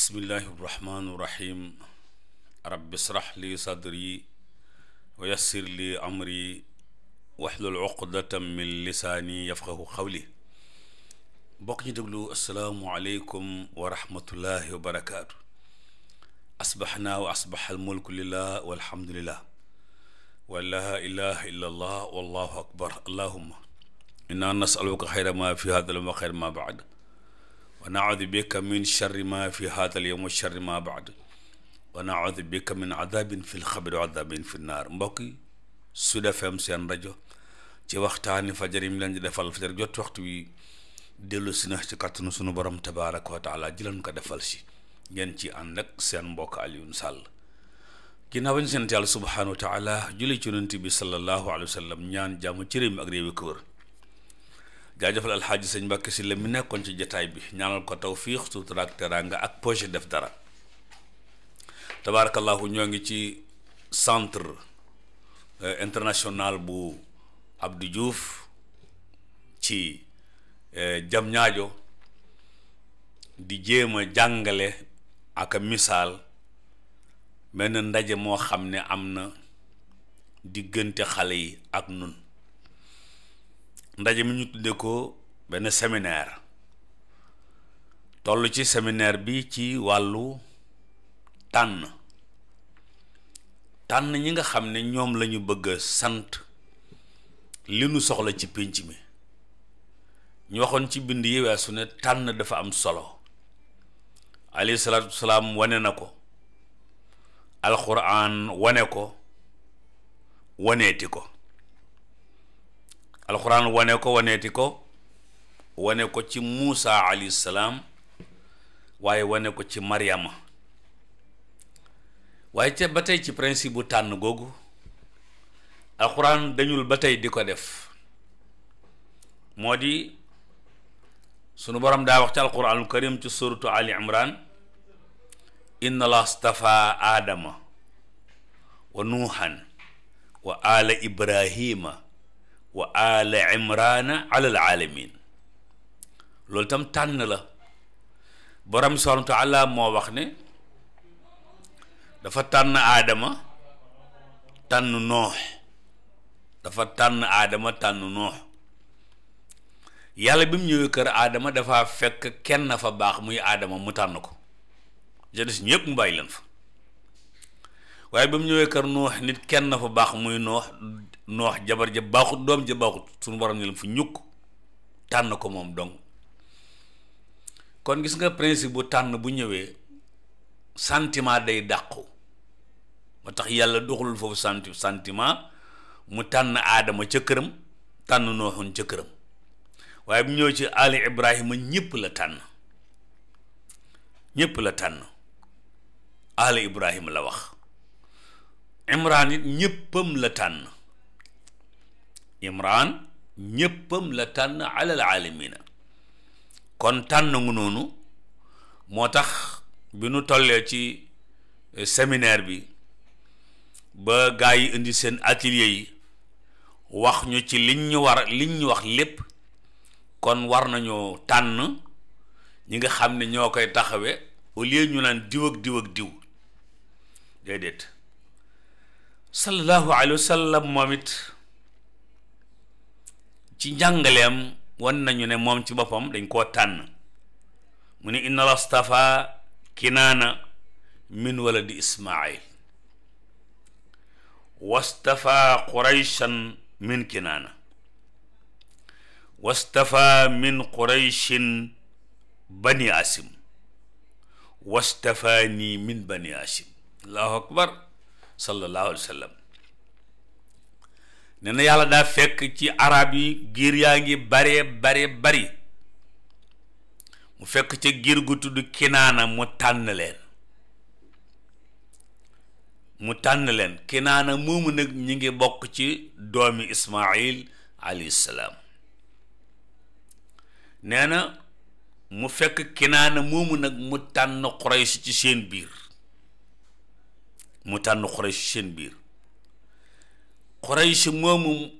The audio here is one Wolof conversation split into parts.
bismillahi irrahmani irrahim rabbi israh li sadri wa yassir li amri waxlul uqdatan min lisaani yafqahu xawli bokk ñu déglu asalaamualeykum wa rahmatullahi wa barakaatu asbaxnaa wa asbax almulku lillah walhamdulillah wa laa ilaha illa allah wallahu akbar allahuma inna nasaluka xayra ma fi hada wa xayra ma baad wa naudu bika min charri ma fi haada al yawm wa charri ma baad wa naudu bika min adabin fi lxabri wa adabin fi nnaar mbokk yi Sud FM seen rajo ci waxtaani fajar yi mu leen di defal fajar jot waxtu wi dellu si na ci kàttanu sunu borom tabaaraka wa taala jëlan ko defal si ngeen ci ànd ak seen mbokk Alioune Sall ginnaaw bañ sant yàlla subhaanahu wa taala julli ci yonent bi sallallahu alayhi wa sallam ñaan jàmm ci réew mi ak réew yi ko wër jaajëfal alxaaji sëñ Mbàkke si la mu nekkoon ci jataay bi ñaanal ko tawfiix sutura ak teraanga ak projet def dara tabaarakallaahu ñoo ngi ci centre euh, international bu ab di juuf ci euh, jam ñaajo di jéem a jàngale ak misaal benn ndaje moo xam ne am na diggante xale yi ak nun ndaje mi ñu tudde ko benn séminaire toll ci séminaire bi ci wàllu tànn tànn ñi nga xam ne ñoom lañu bëgg a sant li nu soxla ci pénc mi ñu waxoon ci bind yi su ne tànn dafa am solo alayhi salaatu wasalaam wane na ko alxuraan wone ko woneeti ko alxuraan wone ko waneeti ko wane ko ci Muusa alayhi salaam waaye wane ko ci Maryama waaye te ba tey ci principe bu tànn googu alxuraan dañul ba tey di ko def moo di sunu borom daa wax ci alxuraanul karim ci suratu Ali Imran inna allah stafa aadama wa nuuhan wa ala ibrahima wa ala imrana alal alamin loolu tam tànn la borom subhaanahu wa moo wax ne dafa tànn aadama tànn noox dafa tànn aadama tànn noox yàlla bi mu ñëwee kër aadama dafa fekk kenn fa baax muy aadama mu tànn ko jeunesse ñëpp mu bàyyi leen fa waaye ba mu ñëwee kër noox nit kenn fa baax muy noox noox jabar ja baaxut doom ja baaxut suñu borom ne la fu ñukk tànn ko moom dong kon gis nga principe bu tànn bu ñëwee santiment day dàqu moo tax yàlla doxalul foofu senti sentiment mu tànn aadama ca këram tànn nooxun ca këram waaye bu ñëw ci ali ibrahima ñëpp la tànn ñëpp la tànn ali ibrahima la wax imraan it ñëppam la tànn imraan ñëppam la tànn alal aalamiina kon tànn ngu noonu moo tax bi nu tollee ci eh, seminaire bi ba gaa yi indi seen atelier yi wax ñu ci liñ ñu war liñ ñu wax lépp kon war nañoo tànn ñi nga xam ne ñoo koy taxawe au lieu ñu naan diw ak diw ak diw déedéet sallallahu alayhi wa sallam moom it ci njàngaleem wan nañu ne moom ci boppam dañ koo tànn mu ne inna la stafa kinaana min waladi ismail wastafa qurayshan min kinaana wastafa min qurayshin bani asim wastafa nii min bani asim allahu akbar sallallahu alayhi wa yàlla daa fekk ci araab yi giir yaa ngi bare bare bari mu fekk ci giir gu tudd kinaana mu tànn leen mu tànn leen kinaana moomu nag ñi ngi bokk ci doomi ismail alayhi salaam nee mu fekk kinaana moomu nag mu tànn Quraysh ci seen biir mu tànn Quraysh seen biir Quraysh moomu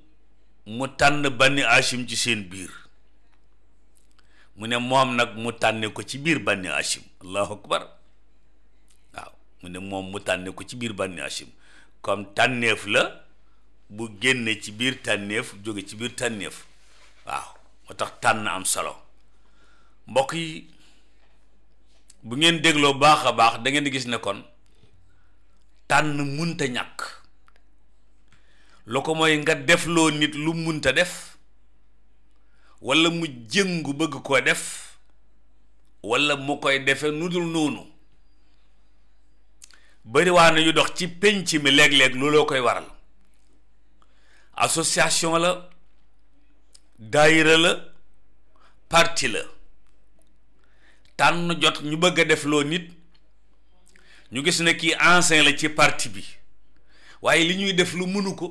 mu tànn Bani Hashim ci seen biir mu ne moom nag mu tànne ko ci biir Bani Hashim ne moom mu tànne ci biir Bani Hashim comme tànneef la bu génn ci biir tànneef jóge ci biir tànneef waaw moo tax tànn am solo mbokk yi bu ngeen dégloo baax a baax dangeen di gis nekkoon tànn munta ñàkk lu ko mooy nga defloo nit lu munta def walla mu jëngu bëgg koo def walla mu koy defe nu dul noonu bariwaana yu dox ci pénc mi léeg-léeg looloo koy waral association la daayira la parti la tànn jot ñu bëgg a defloo nit ñu gis na kii ancien la ci parti bi waaye li ñuy def lu mënu ko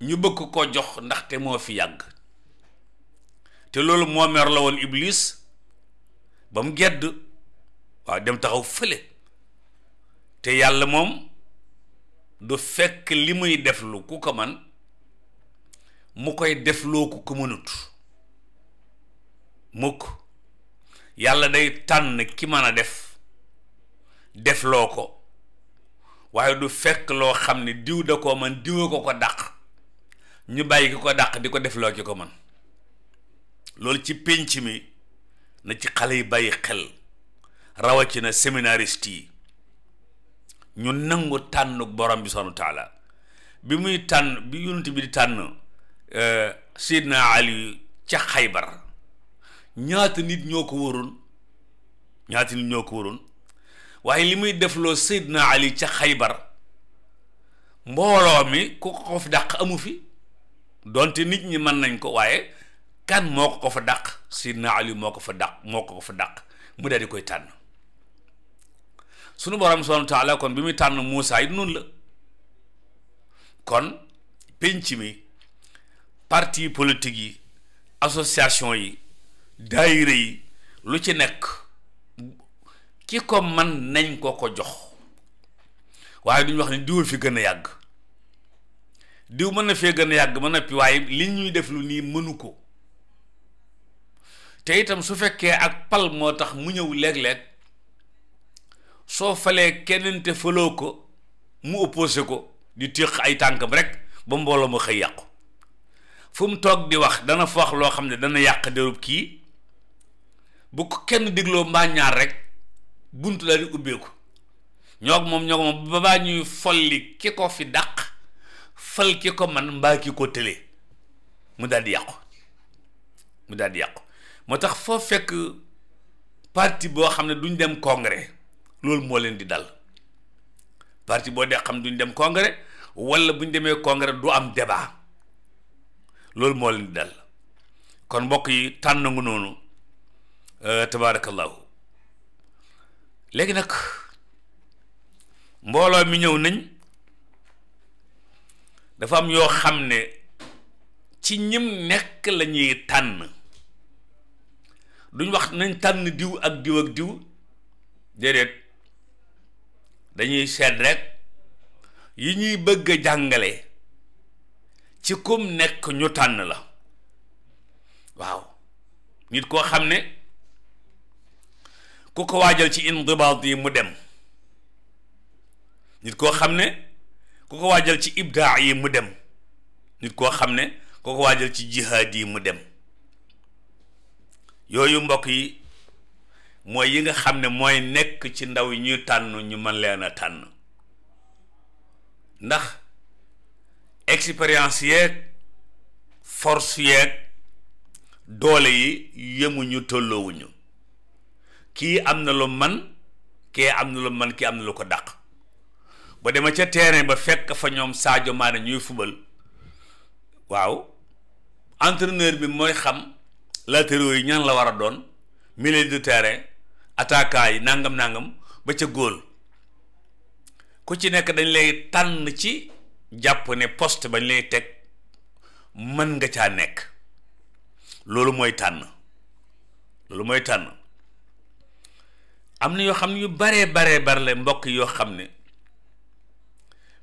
ñu bëgg ko jox ndaxte moo fi yàgg te loolu moo mer la woon iblis ba mu gedd waaw dem taxaw fële te yàlla moom du fekk li muy def lu ku ko man mu koy def loo ku ko mënut mukk yàlla day tànn ki mën a def def loo ko waaye du fekk loo xam ni diw da koo man diwa ko ko dàq ñu bàyyi ki ko dàq di ko def loo ki ko man loolu ci penc mi na ci xale yi bàyyi xel rawatina seminarist yi ñu nangu tànn borom bi subhaanahu wa taala bi muy tànn bi yonent bi di tànn euh, Seydina Ali ca Xaybar ñaata nit ñoo ko wóoroon ñaata nit ñoo ko wóoroon waaye li muy sedd Seydina Ali ca Xaybar mbooloo mi ku ko fi dàq amu fi donte nit ñi mën nañ ko waaye kan moo ko ko fa dàq Seydina Ali moo ko fa dàq moo ko ko fa daq mu daal di koy tànn sunu borom subhaanahu wa kon bi muy tànn Muusaa it la kon penc mi parti politique yi association yi daayira yi lu ci nekk ci ko man nañ ko ko jox waaye duñu wax ne diw fi gën a yàgg diw mën na fee gën a yàgg mën na pi waaye li ñuy def lu nii mënu ko te itam su fekkee ak pal moo tax mu ñëw léeg-léeg soo falee keneen te ko mu opposé ko di téq ay tànkam rek ba mbooloo ma xëy yàqu fu mu toog di wax dana fa wax loo xam ne dana yàq derub kii bu ko kenn digloo mbaa rek bunt la di ubbeeku ñoo moom ñoo moom ba baa ñuy folli ki ko fi dàq fal ki ko man mbaa ko tële mu daal di yàqu mu daal di yàqu moo tax foo fekk parti boo xam ne duñ dem congrès loolu moo leen di dal parti boo dee xam duñ dem congrès wala buñ demee congrès du am débat loolu moo leen di dal kon mbokk yi tànn nga noonu euh, tabaarakallahu léegi nag mbooloo mi ñëw nañ dafa am yoo xam ne ci ñim nekk la ñuy tànn duñ wax nañ tànn diw ak diw ak diw déedéet dañuy seet rekk yi ñuy bëgg a jàngale ci kum nekk ñu tànn la waaw nit koo xam ne ku ko waajal ci indibaat yi mu dem nit koo xam ne ku ko waajal ci ibdaa yi mu dem nit koo xam ne ku ko waajal ci jihaad yi mu dem yooyu mbokk yi mooy yi nga xam ne mooy nekk ci ndaw yi ñuy tànn ñu mën leen a tànn ndax expérience yeeg force yeeg doole yi yemuñu tolloowuñu kii am na lu man kee am na lu man kii am na lu ko dàq ba dema ca terrain ba fekk fa ñoom saajo Mané ñuy fubal waaw entraîneur bi mooy xam latéraux yi ñan la war a doon milieu de terrain attaquant yi nangam nangam ba ca góor ku ci nekk dañ lay tànn ci jàpp ne poste bañ lay teg mën nga caa nekk loolu mooy tànn loolu mooy tànn am na yoo xam ne yu baree baree bare la mbokk yoo xam ne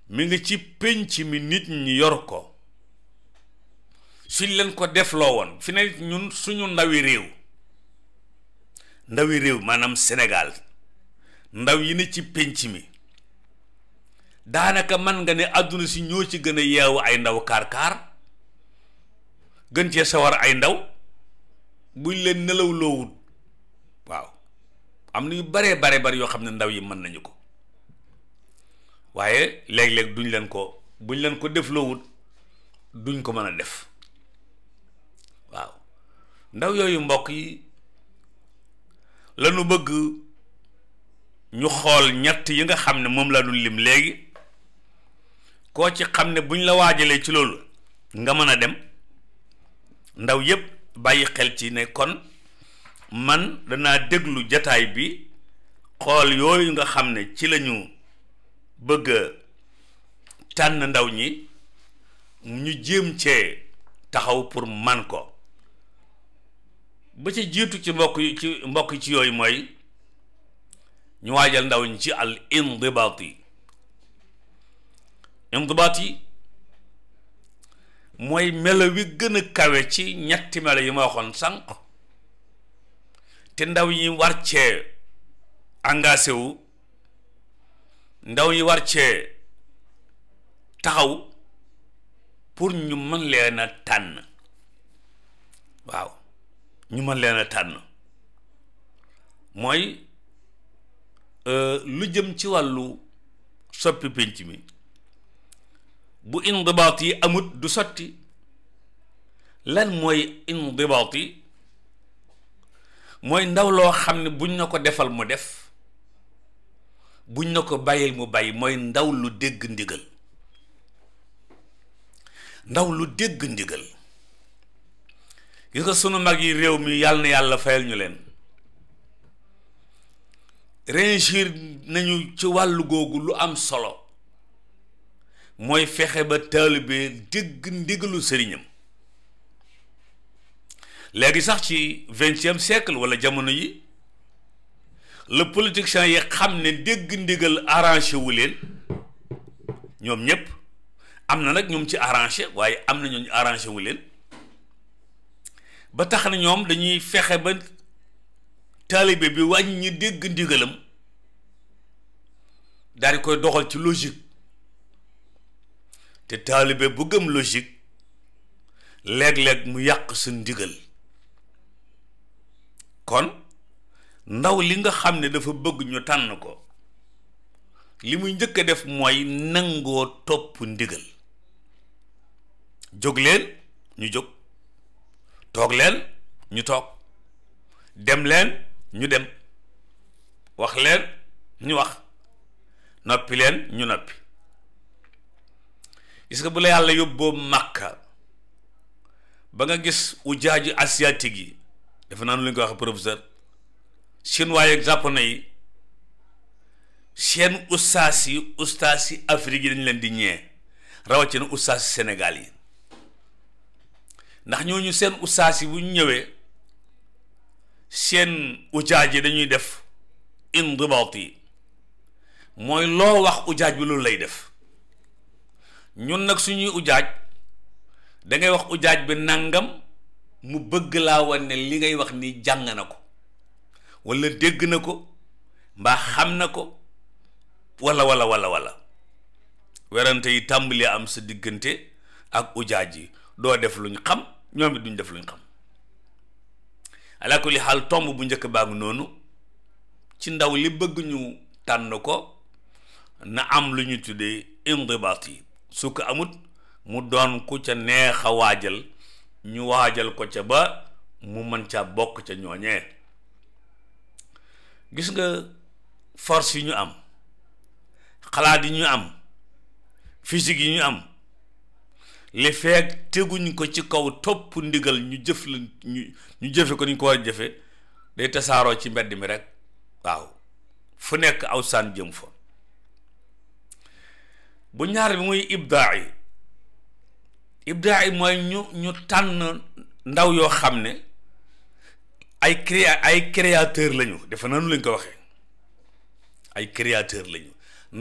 mi ngi ci pénc mi nit ñi yor ko suñ leen ko defloo woon fi ne ñun suñu ndawi réew ndawi réew maanaam Sénégal ndaw yi ni ci pénc mi daanaka man nga ne àdduna si ñoo ci gën a yeewu ay ndaw kaar-kaar gën cee sawar ay ndaw buñ leen nelawloo am na yu baree bare bari yoo xam ne ndaw yi mën nañu ko waaye léeg-léeg duñ leen ko buñ leen ko def loowut duñ ko mën a def waaw ndaw yooyu mbokk yi lañu bëgg ñu xool ñett yi nga xam ne moom laa dul lim léegi koo ci xam ne buñ la waajalee ci loolu nga mën a dem ndaw yépp bàyyi xel ci ne kon man danaa déglu jataay bi xool yooyu nga xam ne ci lañu bëgg tànn ndaw ñi ñu jéem cee taxaw pour man ko ba ci jiitu ci mbokk ci mbokk ci yooyu mooy ñu waajal ndaw ñi ci al indibaat yi yi mooy melo wi gën kawe ci ñetti melo yi ma waxoon sànq te ndaw yi war cee wu ndaw yi war taxaw pour ñu mën leen a tànn waaw ñu mën leen a tànn mooy euh, lu jëm ci wàllu soppi pénc mi bu indibaat yi amut du sotti lan mooy indibaat yi mooy ndaw loo xam ne buñ na ko defal mu def buñ na ko bàyyil mu bàyyi mooy ndaw lu dégg ndigal ndaw lu dégg ndigal gis nga sunu mag yi réew mi yàlla na yàlla fayal ñu leen réussir nañu ci wàllu googu lu am solo mooy fexe ba taalibe dégg ndigalu sëriñam léegi sax ci vingtième siècle wala jamono yi le politicien yi xam ne dégg ndigal arrangé wu leen ñoom ñëpp am na nag ñoom ci arrangé waaye am na ñooñu arrangé wu leen ba tax na ñoom dañuy fexe ba taalibe bi wàññi dégg ndigalam daal di koy doxal ci logique te taalibe bu gëm logique léeg-léeg mu yàq sa ndigal kon ndaw li nga xam ne dafa bëgg ñu tànn ko li muy njëkk a def mooy nangoo topp ndigal jóg leen ñu jóg toog leen ñu toog dem leen ñu dem wax leen ñu wax noppi leen ñu noppi gis nga bu la yàlla yóbboo màkka ba nga gis ujaaju asiatik yi dafa naan lu ñu ko wax professeur chinois yeeg japonais yi seen ustaas yi ustaas afrique yi dañ leen di ñee rawatina ustaas yi sénégal yi ndax ñooñu seen ustaas yi bu ñu ñëwee seen ujaaj yi dañuy def in indibaat yi mooy loo wax ujaaj bi loolu lay def ñun nag suñuy ujaaj da ngay wax ujaaj bi nangam mu bëgg laa wan ne li ngay wax ni jàng na ko wala dégg na ko mbaa xam na ko wala wala wala wala werante yi tàmbali am sa diggante ak ujaaj yi doo def luñ xam ñoom it duñ def luñ xam ala kulli xaal tomb bu njëkk baa ngi noonu ci ndaw li bëgguñu ñu tànn ko na am lu ñu tuddee indibaat yi su amut mu doon ku ca neex waajal ñu waajal ko ca ba mu mën caa bokk ca ñooñee gis nga force yi ñu am xalaat yi ñu am physique yi ñu am li feeg teguñ ko ci kaw topp ndigal ñu jëf la ñu jëfe ko ni ñu ko war a jëfe day tasaaroo ci mbedd mi rek waaw fu nekk aw saan jëm fa bu ñaar bi muy ibdaa yi ibdaay mooy ñu ñu tànn ndaw yoo xam ne ay cré ay créateur lañu defe nanu lañ ko waxee ay créateur lañu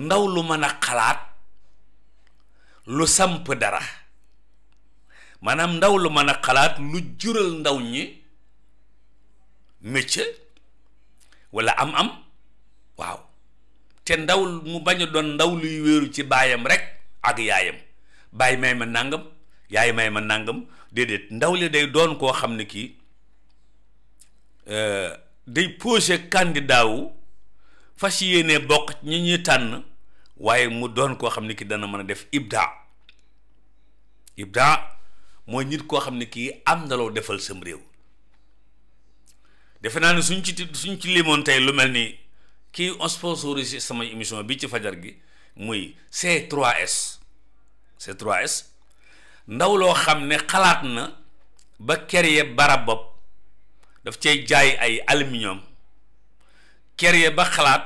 ndaw lu mën a xalaat lu samp dara maanaam ndaw lu mën a xalaat lu jural ndaw ñi métier walla am-am waaw te ndaw mu bañ a doon ndaw luy wéeru ci baayam rek ak yaayam baay may ma nàngam yaay may ma nangam déedéet ndaw li day doon koo xam ne kii euh, day posé candidat wu fas yéene bokk ñi ñi tànn waaye mu doon koo xam ne kii dana mën a def ibda ibda mooy nit koo xam ne kii am na defal sam réew defe naa ne suñ ci suñ ci limoon tey lu mel ni kii sponsorisé sama émission bi ci fajar gi muy C3S c 3 ndaw loo xam ne xalaat na ba créer barab bopp daf cay jaay ay aluminium kerye ba xalaat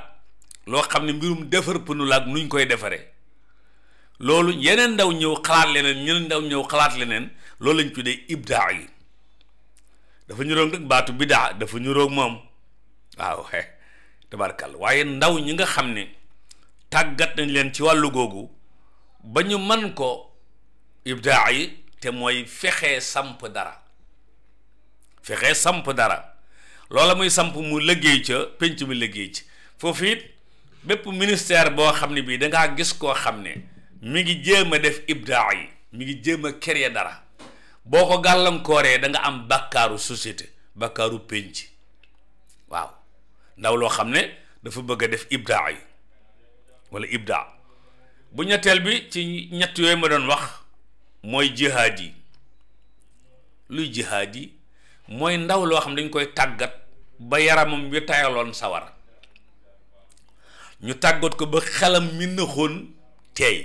loo xam ne mbirum defar pneu luñ koy defaree loolu yeneen ndaw ñëw xalaat leneen ñeneen ndaw ñëw xalaat leneen loolu lañ tuddee ibdaa yi dafa ñu roog nag baatu bidaa dafa ñu roog moom waaw tabarkal waaye ndaw ñi nga xam ne tàggat nañ leen ci wàllu googu ba ñu man ko ibdaa yi te mooy fexee samp dara fexe samp dara loola muy samp mu liggéey ca pénc mi liggéey ci foofu it bépp ministère boo xam ne bii dangaa gis koo xam ne mi ngi jéem a def ibdaa yi mi ngi jéem a créer dara boo ko gàllankooree da nga am bàkkaaru société bàkkaaru pénc waaw ndaw loo xam ne dafa bëgg def ibdaa yi wala ibdaa bu ñetteel bi ci ñett yooyu ma doon wax mooy jihaad yi luy jihaad yi mooy ndaw loo xam dañ koy tàggat ba yaramam wi tayaloon sawar ñu tàggat ko ba xelam mi nëxoon teey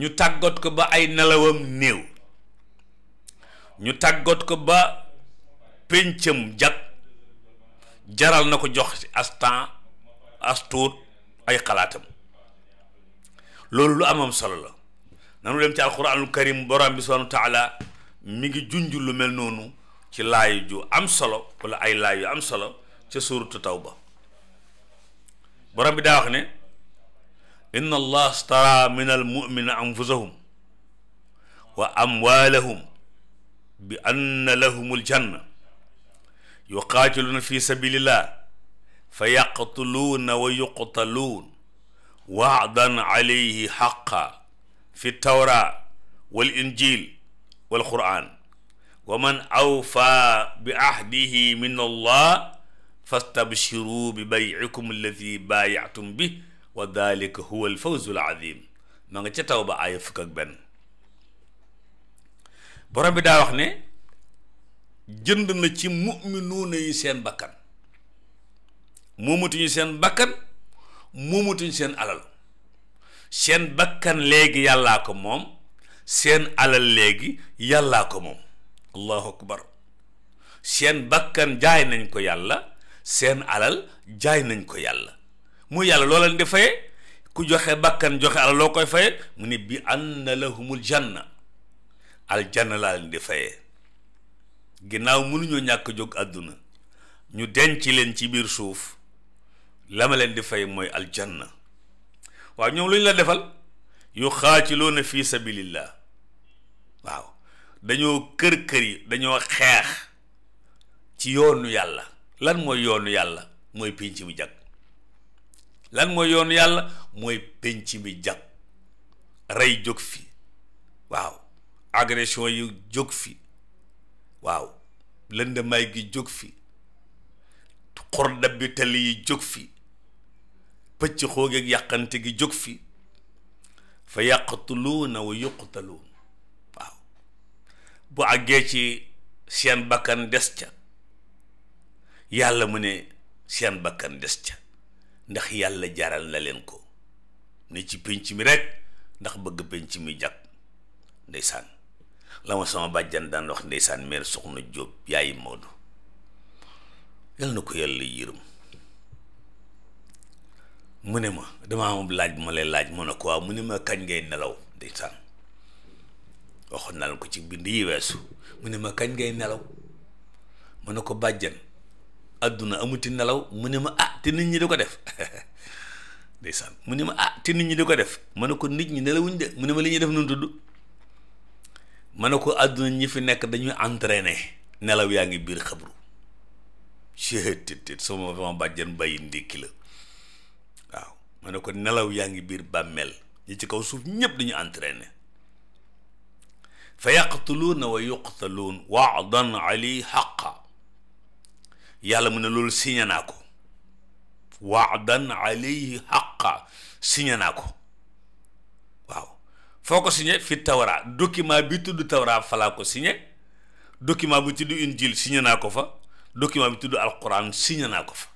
ñu tàggat ko ba ay nelawam néew ñu tàggat ko ba péncam jag jaral na ko jox as temps as tuut ay xalaatam loolu lu amam solo la nanu dem ci alquranul karim borom bi subhanahu taala mi ngi junj lu mel noonu ci laay ju am solo wala ay laay yu am solo ca suuratu tawba borom bi daa wax ne inna allah stara min al mu'mina anfusahum wa amwalahum bi anna lahumul janna yuqaatiluuna fi sabilillah fa yaqtuluuna wa yuqtaluun waadan alayhi xaqa fi tawra wal injil wal qur'an wa man awfaa bi ahdihi min allah fastabshiruu bi bay'ikum alladi baaya'tum bi wa dalika huwa al fawzu al azim ma nga ca tawba aaya fukk ak benn borom bi daa wax ne jënd na ci mu'minuuna yi seen bakkan moomatuñu seen bakkan moomatuñu seen alal seen bakkan léegi yàllaa ko moom seen alal léegi yàllaa ko moom allahu akbar seen bakkan jaay nañ ko yàlla seen alal jaay nañ ko yàlla mu yàlla loo leen di faye ku joxe bakkan joxe alal loo koy faye mu ne bi anna lahumul janna aljanna laa leen di faye ginnaaw mënuñoo ñàkk jóg àdduna ñu denc leen ci biir suuf la ma leen di fay mooy aljanna waaw ñoom lu ñu la defal yu xaaciloona fi sabilillah waaw dañoo kër kër yi dañoo xeex ci yoonu yàlla lan mooy yoonu yàlla mooy pinc bi jag lan mooy yoonu yàlla mooy pénc bi jag rey jóg fi waaw agression yi jóg fi waaw may gi jóg fi xordab bi yi jóg fi pëcc xoogeeg yàqante gi jóg fi fa yaqtuluuna wa yuqtaluun waaw bu àggee ci seen bakkan des ca yàlla mu ne seen bakkan des ca ndax yàlla jaral na leen ko ne ci pénc mi rekk ndax bëgg pénc mi jag ndeysaan la ma sama bàjjan daan wax ndeysaan meer soxna Jóob yaayi Maodo yal na ko yàlla yërëm mu ne ma dama am laaj ma lay laaj mën ne ko waaw mu ne ma kañ ngay nelaw ndeysaan waxoon naa ko ci bind weesu mu ne ma kañ nelaw mu ne ko bàjjan àdduna amuti nelaw mu ne ma ah te nit ñi di ko def ndeysaan mu ne ma ah te nit ñi di ko def mën ne ko nit ñi nelawuñ de mu ne ma li ñuy def nun tudd mën ne ko àdduna ñi fi nekk dañuy entraîné nelaw yaa ngi biir xabru chet tit sama sama bàjjan bàyyi ndékki la ma ne ko nelaw yaa ngi biir bàmmeel ñi ci kaw suuf ñëpp dañu entraîné fa yaqtuluuna wa yuqtaluun waadan ali xaqa yàlla mu ne loolu signé naa ko waadan alayhi xaqa signé naa ko waaw foo ko signé fi tawra document bi tudd tawra falaa ko signé document bi tudd injil signé naa ko fa document bi tudd alquran signé naa ko fa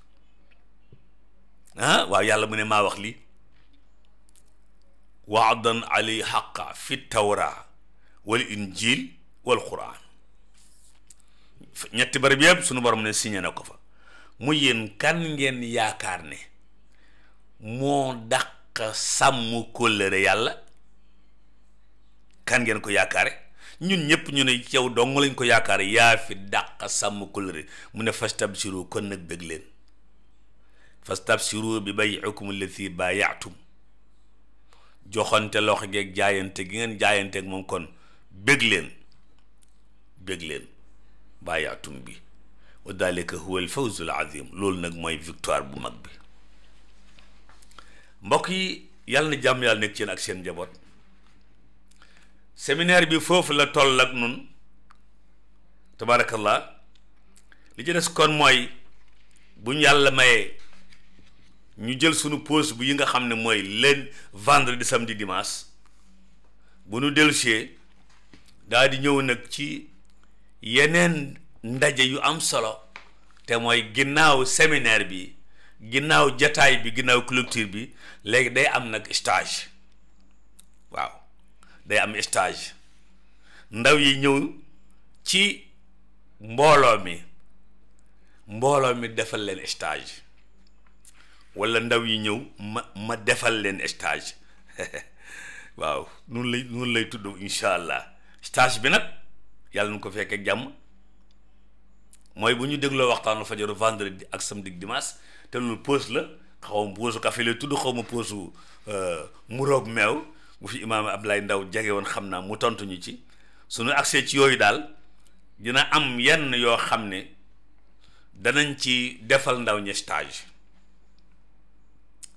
ah waaw yàlla mu ne maa wax lii waadan ali xaqa fi tawra wal injil wal quran ñetti barab yëpp sunu borom ne signé na ko fa mu yéen kan ngeen yaakaar ne moo dàq sàmm kóllëre yàlla kan ngeen ko yaakaare ñun ñëpp ñu ne yow dong lañ ko yaakaar yaa fi dàq sàmm kóllëre mu ne fastabsiru kon nag bëgg leen fastabsiru bi bay'ikum allati baaya'tum joxante loo geeg jaayante gi ngeen jaayanteeg moom kon bég leen bég leen baaya'tum bi wa dalika huwa alfawzu alazim loolu nag mooy victoire bu mag bi mbokk yi yàlla na jàmm yàlla nekk seen ak seen njaboot séminaire bi foofu la toll ak nun tabaarakallah li ci des kon mooy bu ñu yàlla mayee ñu jël suñu pause bu yi nga xam ne mooy leen de samedi dimanche bu nu dellusee daal di ñëw nag ci yeneen ndaje yu am solo te mooy ginnaaw séminaire bi ginnaaw jataay bi ginnaaw culture bi léegi day am nag stage waaw day am stage ndaw yi ñëw ci mbooloo mi mbooloo mi defal leen stage wala ndaw yi ñëw ma ma defal leen stage waaw noonu lay noonu lay tudd incha allah stage bi nag yàlla nu ko fekk jàmm mooy bu ñu dégloo waxtaanu fajaru vendredi ak samedi dimanche te lu pause la xaw ma pause café la tudd xaw ma pause euh, muroog meew bu fi imaam Ablaye Ndaw jege woon xam naa mu tontu ñu ci suñu accès ci yooyu daal dina am yenn yoo xam ne danañ ci defal ndaw ñi stage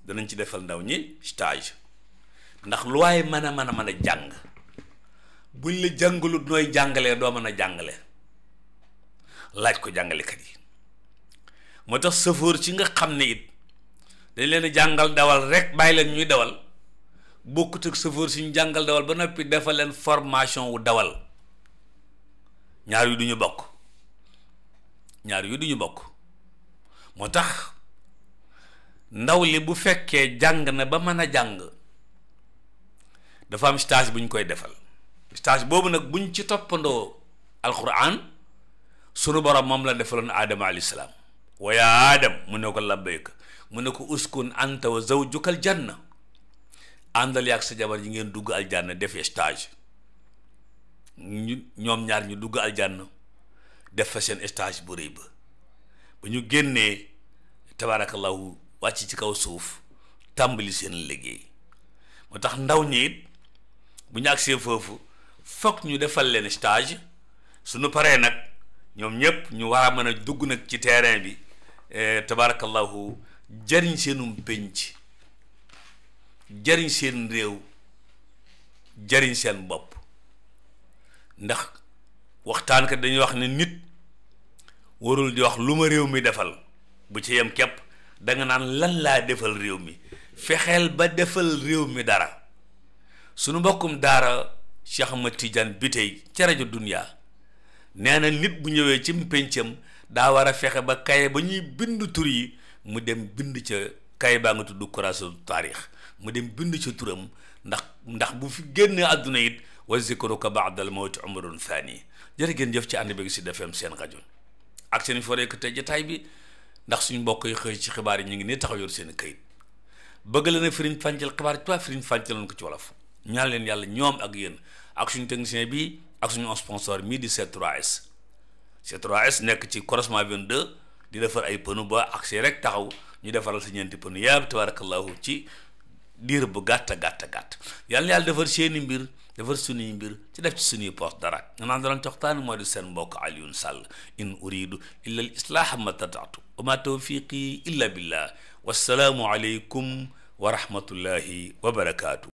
danañ ci defal ndaw ñi stage ndax lu waaye mën a mën a mën a jàng buñ la jàngalut nooy jàngalee doo mën a jàngale laaj ko jàngalekat yi moo tax sëfoor ci nga xam ne it dañ leen jàngal dawal rek bàyyi leen ñuy dawal bokkut ak sëfoor si ñu jàngal dawal ba noppi defal leen formation wu dawal ñaar yu du bokk ñaar yu duñu bokk moo tax ndaw li bu fekkee jàng na ba mën a jàng dafa am stage bu ñu koy defal stage boobu nag buñ ci toppandoo alquran sunu borom moom la defaloon aadama alayhi salaam wa yaa mu ne ko labbayka mu ne ko uskun anta wa zawjuka aljanna àndal yaag sa jabar yi ngeen dugg aljanna defee stage ñu ñoom ñaar ñu dugg aljanna def fa seen stage bu rëy ba bu ñu génnee tabaarakallahu wàcc ci kaw suuf tàmbali seen liggéey moo tax ndaw ñi bu ñu agsee foofu fokk ñu defal leen stage suñu paree nag ñoom ñëpp ñu war mën a dugg nag ci terrain bi eh, tabarakallahu jariñ seenu pénc jariñ seen réew jariñ seen bopp ndax waxtaan kat dañuy wax ne nit warul di wax lu ma réew mi defal bu ci yem képp danga naan lan laa defal réew mi fexeel ba defal réew mi dara sunu mbokkum daara Cheikh Ahmad bi tey ca rajo Dunya nee na nit bu ñëwee ci péncam daa war a fexe ba kay ba ñuy bind tur yi mu dem bind ca kaye baa nga tudd kuraasul taarix mu dem bind ca turam ndax ndax bu fi génnee àdduna it wa zikruka ba'dal mawti umrun thani jërë ngeen jëf ci ànd beeg si Sud FM seen rajo te jataay bi ndax suñu mbokk yi xëy ci xibaar yi ñu ngi nii taxaw yor seen këyit bëgg la na firiñ fàncal xibaar yi tubaab firiñ fàncaloon ko ci wolof ñaan leen yàlla ñoom ak yéen ak suñu technicien bi ak suñu sponsor mii di C3S C3S nekk ci croisement de di defar ay pneu ba ak si rek taxaw ñu defaral si ñeenti pneu yëpp tabarakallahu ci diir bu gàtta gàtta gàtt yàlla yàlla defar seeni mbir defar suñuy mbir ci def ci suñuy post dara nga naan doon coxtaan moo seen mbokk Alioune Sall in uridu illa al wa ma tawfiqi illa billah wassalaamu aleykum wa rahmatullahi wa barakaatu